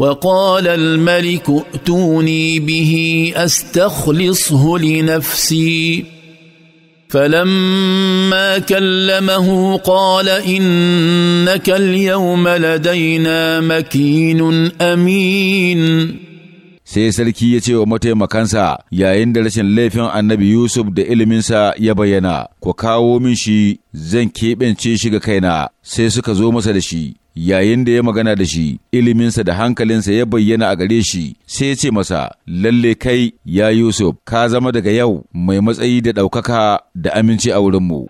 وقال الملك ائتوني به استخلصه لنفسي فلما كلمه قال انك اليوم لدينا مكين امين sai sarki ya ce wa mataimakansa yayin da rashin laifin annabi Yusuf da iliminsa ya bayyana, ku kawo min shi zan keɓance shi ga kaina sai suka zo masa da shi. yayin da ya magana da shi iliminsa da hankalinsa ya bayyana a gare shi sai ya ce masa lalle kai ya Yusuf ka zama daga yau mai matsayi da ɗaukaka da aminci a wurinmu